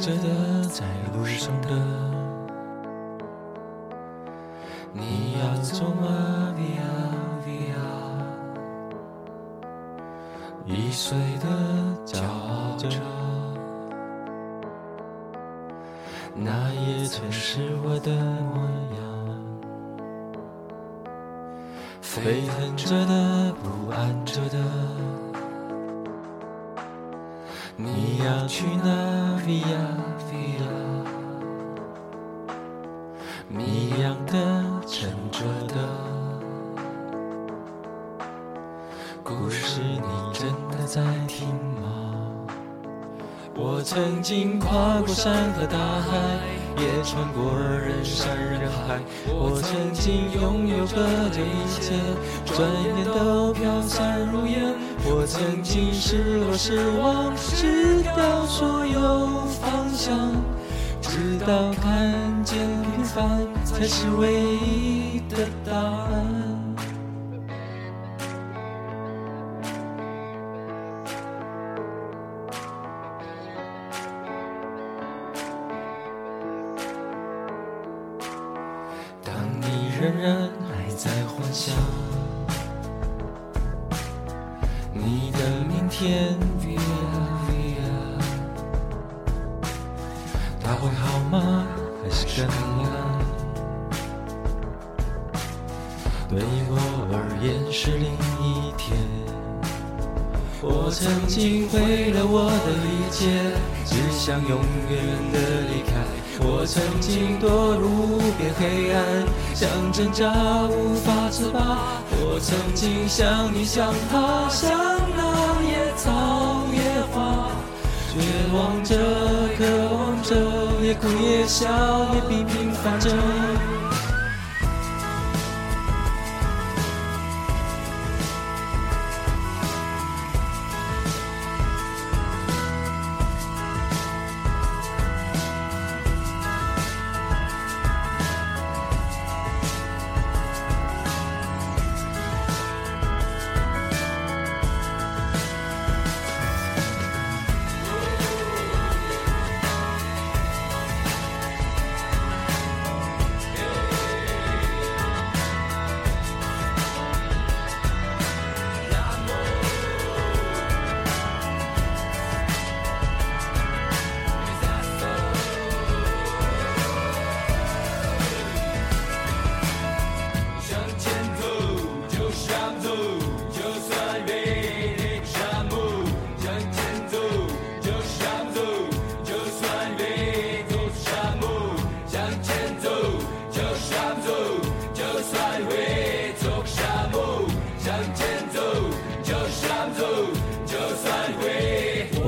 着的，在路上的，你要走嗎？via via，易碎的驕傲着，那也曾是我的模樣。沸騰着的，不安着的，你要去哪？飛呀飛呀，謎一樣的、沉默着的，故事你真的在聽嗎？我曾經跨過山和大海。也穿過人山人海，我曾經擁有的一切，轉眼都飄散如煙。我曾經失落失望失掉所有方向，直到看見平凡才是唯一的答案。你的明天，Via Via，他會好嗎？還是更爛？對我而言是另一天。我曾經毀了我的一切，只想永遠地離開。我曾經墮入無邊黑暗，想掙扎無法自拔。我曾經像你，像他，像。絕望着，渴望着，望着也哭也笑，也比平凡着。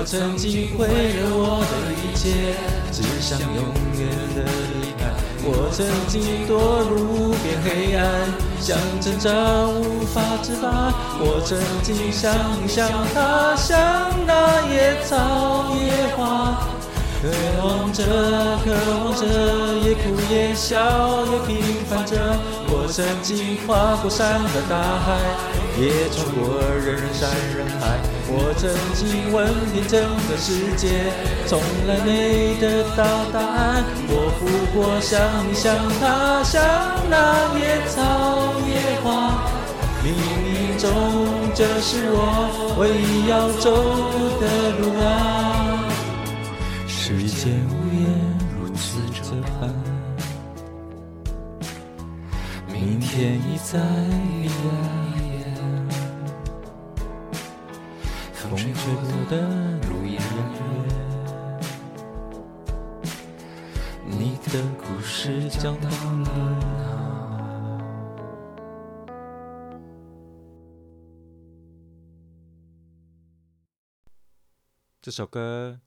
我曾經毀了我的一切，只想永遠地離開。我曾經墮入無邊黑暗，想掙扎無法自拔。我曾經像你像他像那野草野花。渴望着，渴望着，也哭也笑也平凡着。我曾經跨過山和大海，也穿過人，人山人海。我曾經問遍整個世界，從來沒得到答，答案。我不過像你，像他，像那野草野花，冥冥中這是我唯一要走的路啊。時間無言，如此這般。明天已在眼前。風吹過的路依然遠。你的故事講到了哪？這首歌，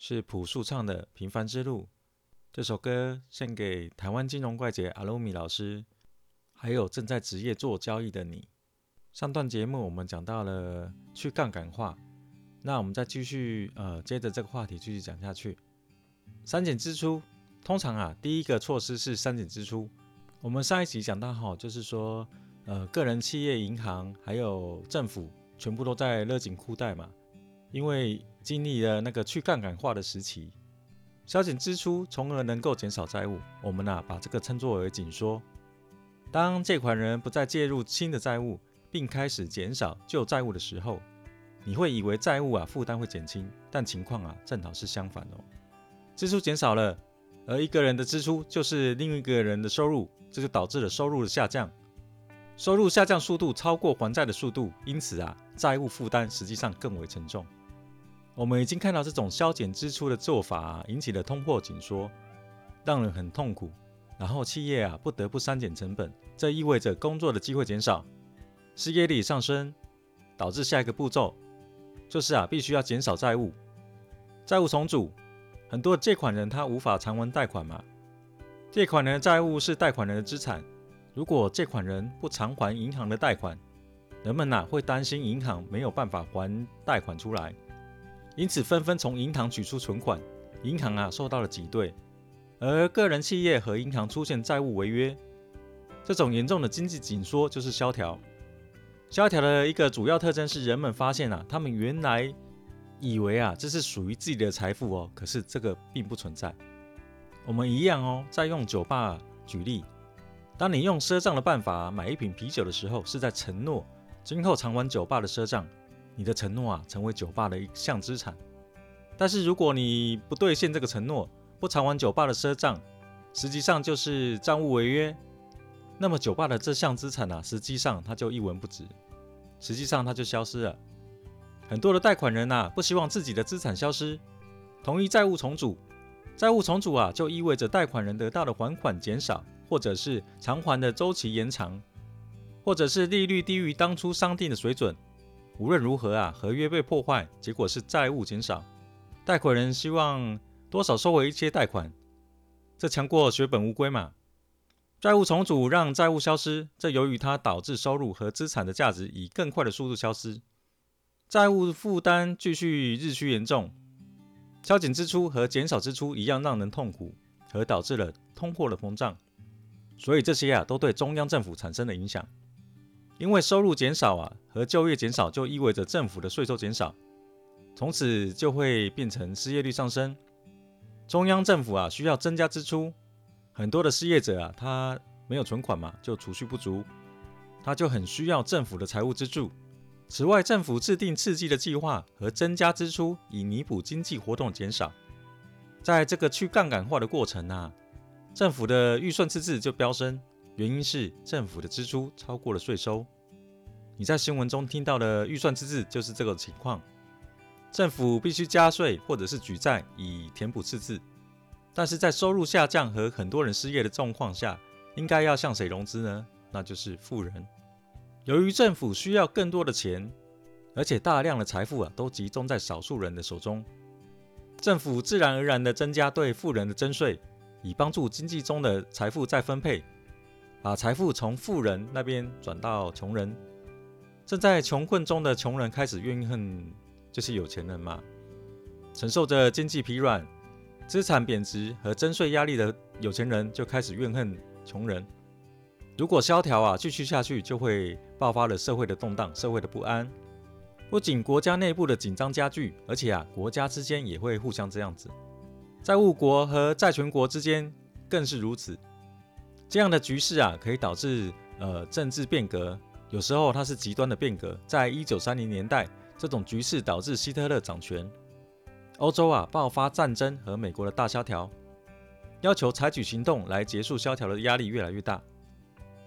是朴樹唱的《平凡之路》，這首歌獻給台灣金融怪傑阿魯米老師，還有正在職業做交易的你。上段節目我們講到了去槓桿化，那我們再繼續呃，接着這個話題繼續講下去。削減支出，通常啊，第一個措施是削減支出。我們上一集講到哈，就是說呃，個人、企業、銀行還有政府，全部都在勒緊褲帶嘛，因為。經歷了那個去槓桿化的時期，削減支出，從而能夠減少債務。我們啊把這個稱作為緊縮。當借款人不再借入新的債務，並開始減少舊債務的時候，你會以為債務啊負擔會減輕，但情況啊正好是相反哦。支出減少了，而一個人的支出就是另一個人的收入，這就導致了收入的下降。收入下降速度超過還債的速度，因此啊債務負擔實際上更為沉重。我們已經看到這種削減支出的做法引起了通貨緊縮，讓人很痛苦。然後企業啊不得不刪減成本，這意味着工作的機會減少，失業率上升，導致下一個步驟就是啊必須要減少債務，債務重組。很多借款人他無法償還貸款嘛，借款人的債務是貸款人的資產。如果借款人不償還銀行的貸款，人們吶會擔心銀行沒有辦法還貸款出來。因此，紛紛從銀行取出存款，銀行啊受到了擠兌，而個人、企業和銀行出現債務違約，這種嚴重的經濟緊縮就是蕭條。蕭條的一個主要特徵是，人們發現啊，他們原來以為啊，這是屬於自己的財富哦，可是這個並不存在。我們一樣哦，在用酒吧舉例，當你用賒賬的辦法買一瓶啤酒的時候，是在承諾今後償還酒吧的賒賬。你的承諾啊，成為酒吧的一項資產。但是如果你不兌現這個承諾，不償還酒吧的賒賬，實際上就是債務違約。那麼酒吧的這項資產啊，實際上它就一文不值，實際上它就消失了。很多的貸款人啊，不希望自己的資產消失，同意債務重組。債務重組啊，就意味着貸款人得到的還款減少，或者是償還的周期延長，或者是利率低於當初商定的水準。無論如何啊，合約被破壞，結果是債務減少，貸款人希望多少收回一些貸款，這強過血本無歸嘛。債務重組讓債務消失，這由於它導致收入和資產的價值以更快的速度消失，債務負擔繼續日趨嚴重，削減支出和減少支出一樣讓人痛苦，而導致了通貨的膨脹，所以這些啊都對中央政府產生了影響。因為收入減少啊，和就業減少就意味着政府的稅收減少，從此就會變成失業率上升。中央政府啊需要增加支出，很多的失業者啊他沒有存款嘛，就儲蓄不足，他就很需要政府的財務資助。此外，政府制定刺激的計劃和增加支出，以彌補經濟活動減少。在這個去槓桿化的過程啊，政府的預算赤字就飆升。原因是政府的支出超過了稅收。你在新聞中聽到的“預算赤字”就是這個情況。政府必須加稅或者是舉債以填補赤字，但是在收入下降和很多人失業的狀況下，應該要向誰融資呢？那就是富人。由於政府需要更多的錢，而且大量的財富啊都集中在少數人的手中，政府自然而然地增加對富人的徵稅，以幫助經濟中的財富再分配。把財富從富人那邊轉到窮人，正在窮困中的窮人開始怨恨，就是有錢人嘛。承受着經濟疲軟、資產貶值和增稅壓力的有錢人就開始怨恨窮人。如果蕭條啊繼續下去，就會爆發了社會的動盪、社會的不安。不僅國家內部的緊張加劇，而且啊國家之間也會互相這樣子。債務國和債權國之間更是如此。這樣的局勢啊，可以導致呃政治變革。有時候它是極端的變革。在一九三零年代，這種局勢導致希特勒掌權，歐洲啊爆發戰爭和美國的大蕭條，要求採取行動來結束蕭條的壓力越來越大。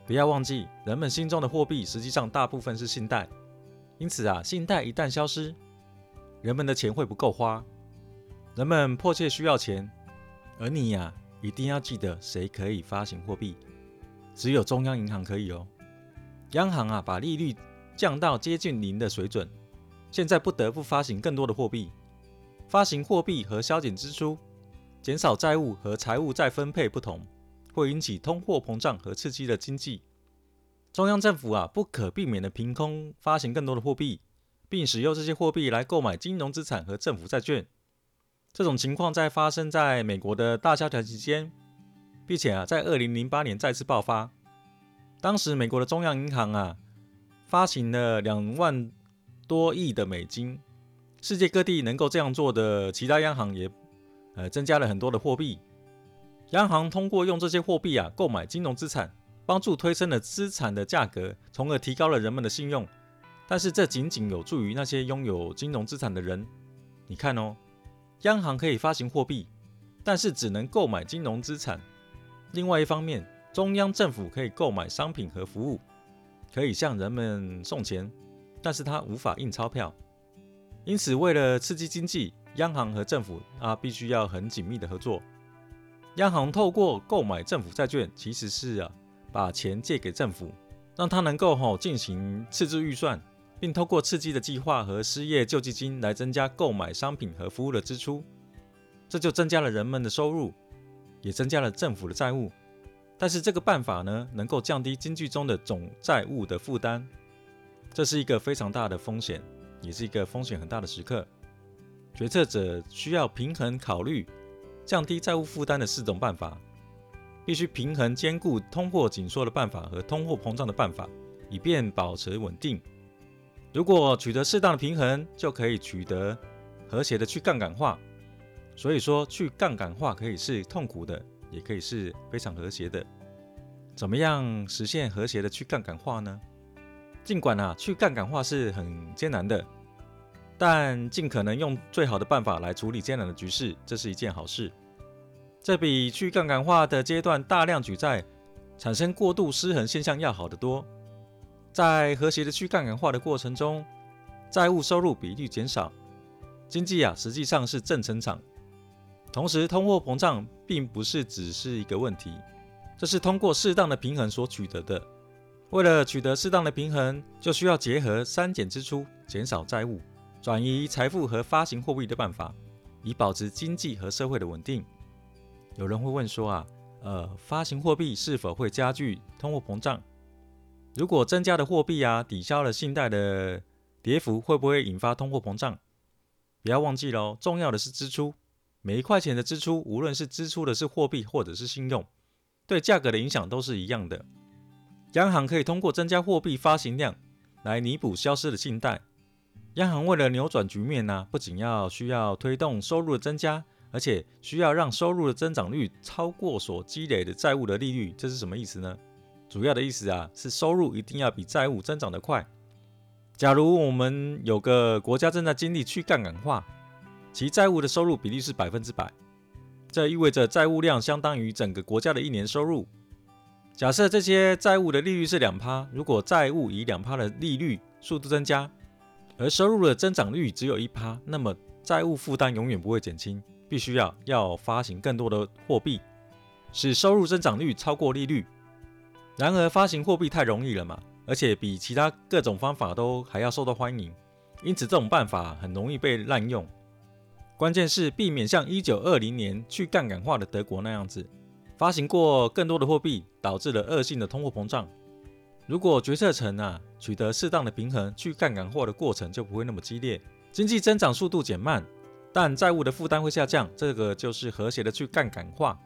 不要忘記，人們心中的貨幣實際上大部分是信貸，因此啊，信貸一旦消失，人們的錢會不夠花，人們迫切需要錢，而你呀、啊。一定要記得，誰可以發行貨幣？只有中央銀行可以哦。央行啊，把利率降到接近零的水準，現在不得不發行更多的貨幣。發行貨幣和削減支出，減少債務和財務再分配不同，會引起通貨膨脹和刺激的經濟。中央政府啊，不可避免地憑空發行更多的貨幣，並使用這些貨幣來購買金融資產和政府債券。這種情況在發生在美國的大蕭條期間，並且啊，在二零零八年再次爆發。當時，美國的中央銀行啊，發行了兩萬多億的美金。世界各地能夠這樣做的其他央行也，呃，增加了很多的貨幣。央行通過用這些貨幣啊，購買金融資產，幫助推升了資產的價格，從而提高了人們的信用。但是，這僅僅有助於那些擁有金融資產的人。你看哦。央行可以發行貨幣，但是只能購買金融資產。另外一方面，中央政府可以購買商品和服務，可以向人們送錢，但是它無法印鈔票。因此，為了刺激經濟，央行和政府啊，必須要很緊密的合作。央行透過購買政府債券，其實是啊把錢借給政府，讓它能夠哈進行赤字預算。並通過刺激的計劃和失業救濟金來增加購買商品和服務的支出，這就增加了人們的收入，也增加了政府的債務。但是這個辦法呢，能夠降低經濟中的總債務的負擔，這是一個非常大的風險，也是一個風險很大的時刻。決策者需要平衡考慮降低債務負擔的四種辦法，必須平衡兼顧通貨緊縮的辦法和通貨膨脹的辦法，以便保持穩定。如果取得適當的平衡，就可以取得和諧的去槓桿化。所以說，去槓桿化可以是痛苦的，也可以是非常和諧的。怎麼樣實現和諧的去槓桿化呢？儘管啊，去槓桿化是很艱難的，但盡可能用最好的辦法來處理艱難的局勢，這是一件好事。這比去槓桿化的階段大量舉債，產生過度失衡現象要好得多。在和諧的去槓桿化的過程中，債務收入比率減少，經濟啊實際上是正增長。同時，通貨膨脹並不是只是一個問題，這是通過適當的平衡所取得的。為了取得適當的平衡，就需要結合削減支出、減少債務、轉移財富和發行貨幣的辦法，以保持經濟和社會的穩定。有人會問說啊，呃，發行貨幣是否會加劇通貨膨脹？如果增加的貨幣啊抵消，了信貸的跌幅，會不會引發通貨膨脹？不要忘記了哦，重要的是支出。每一塊錢的支出，無論是支出的是貨幣或者是信用，對價格的影響都是一樣的。央行可以通過增加貨幣發行量來彌補消失的信貸。央行為了扭轉局面呢、啊，不僅要需要推動收入的增加，而且需要讓收入的增長率超過所積累的債務的利率。這是什麼意思呢？主要的意思啊，是收入一定要比債務增長得快。假如我們有個國家正在經歷去槓桿化，其債務的收入比例是百分之百，這意味着債務量相當於整個國家的一年收入。假設這些債務的利率是兩趴，如果債務以兩趴的利率速度增加，而收入的增長率只有一趴，那麼債務負擔永遠不會減輕。必須要要發行更多的貨幣，使收入增長率超過利率。然而，發行貨幣太容易了嘛，而且比其他各種方法都還要受到歡迎，因此這種辦法很容易被濫用。關鍵是避免像一九二零年去槓桿化的德國那樣子，發行過更多的貨幣，導致了惡性的通貨膨脹。如果決策層啊取得適當的平衡，去槓桿化的過程就不會那麼激烈，經濟增長速度減慢，但債務的負擔會下降，這個就是和諧的去槓桿化。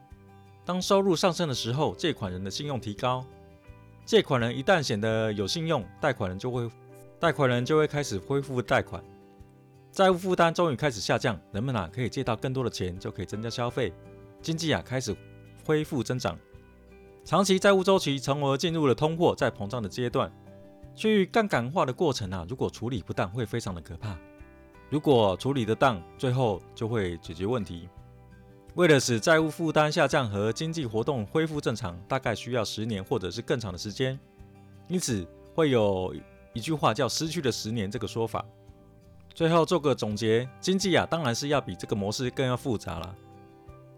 當收入上升的時候，借款人的信用提高。借款人一旦顯得有信用，貸款人就會，貸款人就會開始恢復貸款，債務負擔終於開始下降。人們、啊、可以借到更多的錢，就可以增加消費，經濟啊開始恢復增長。長期債務週期從而進入了通貨再膨脹的階段。去槓桿化的過程啊，如果處理不當，會非常的可怕。如果處理得當，最後就會解決問題。為了使債務負擔下降和經濟活動恢復正常，大概需要十年或者是更長的時間。因此，會有一句話叫“失去了十年”這個說法。最後做個總結，經濟啊，當然是要比這個模式更要複雜了。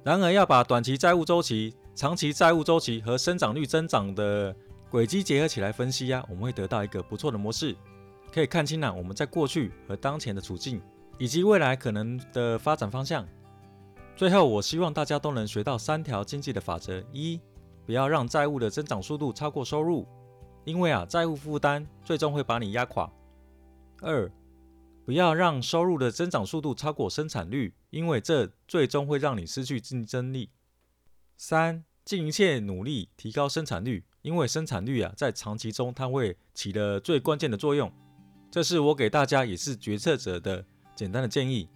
然而，要把短期債務周期、長期債務周期和生產率增長的軌跡結合起來分析呀、啊，我們會得到一個不錯的模式，可以看清啊我們在過去和當前的處境，以及未來可能的發展方向。最後，我希望大家都能學到三條經濟的法則：一、不要讓債務的增長速度超過收入，因為啊，債務負擔最終會把你壓垮；二、不要讓收入的增長速度超過生產率，因為這最終會讓你失去競爭力；三、盡一切努力提高生產率，因為生產率啊，在長期中它會起着最關鍵的作用。這是我給大家也是決策者的簡單的建議。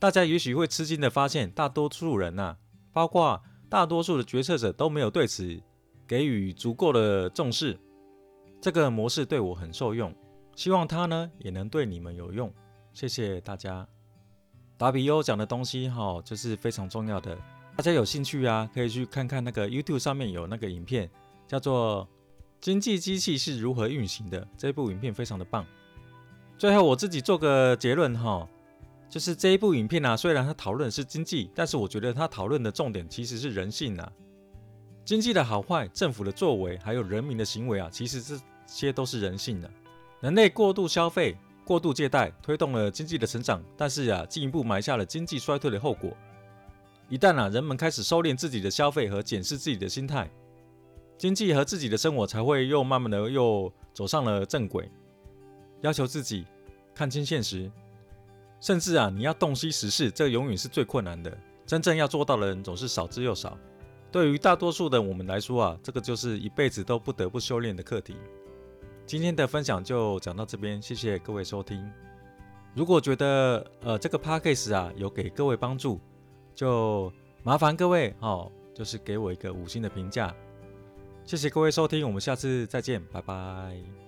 大家也許會吃驚的發現，大多數人吶、啊，包括大多數的決策者都沒有對此給予足夠的重視。這個模式對我很受用，希望它呢也能對你們有用。謝謝大家。達利歐講的東西哈，這、就是非常重要的。大家有興趣啊，可以去看看那個 YouTube 上面有那個影片，叫做《經濟機器是如何運行的》。這部影片非常的棒。最後我自己做個結論哈。就是這一部影片啊，雖然它討論是經濟，但是我覺得它討論的重點其實是人性啊。經濟的好壞、政府的作為，還有人民的行為啊，其實這些都是人性的啊。人類過度消費、過度借貸，推動了經濟的成長，但是啊，進一步埋下了經濟衰退的後果。一旦啊，人們開始收斂自己的消費和檢視自己的心態，經濟和自己的生活才會又慢慢的又走上了正軌。要求自己看清現實。甚至啊，你要洞悉實事，這個永遠是最困難的。真正要做到的人總是少之又少。對於大多數的我們來說啊，這個就是一輩子都不得不修煉的課題。今天的分享就講到這邊，謝謝各位收聽。如果覺得呃這個 podcast 啊有給各位幫助，就麻煩各位哦，就是給我一個五星的評價。謝謝各位收聽，我們下次再見，拜拜。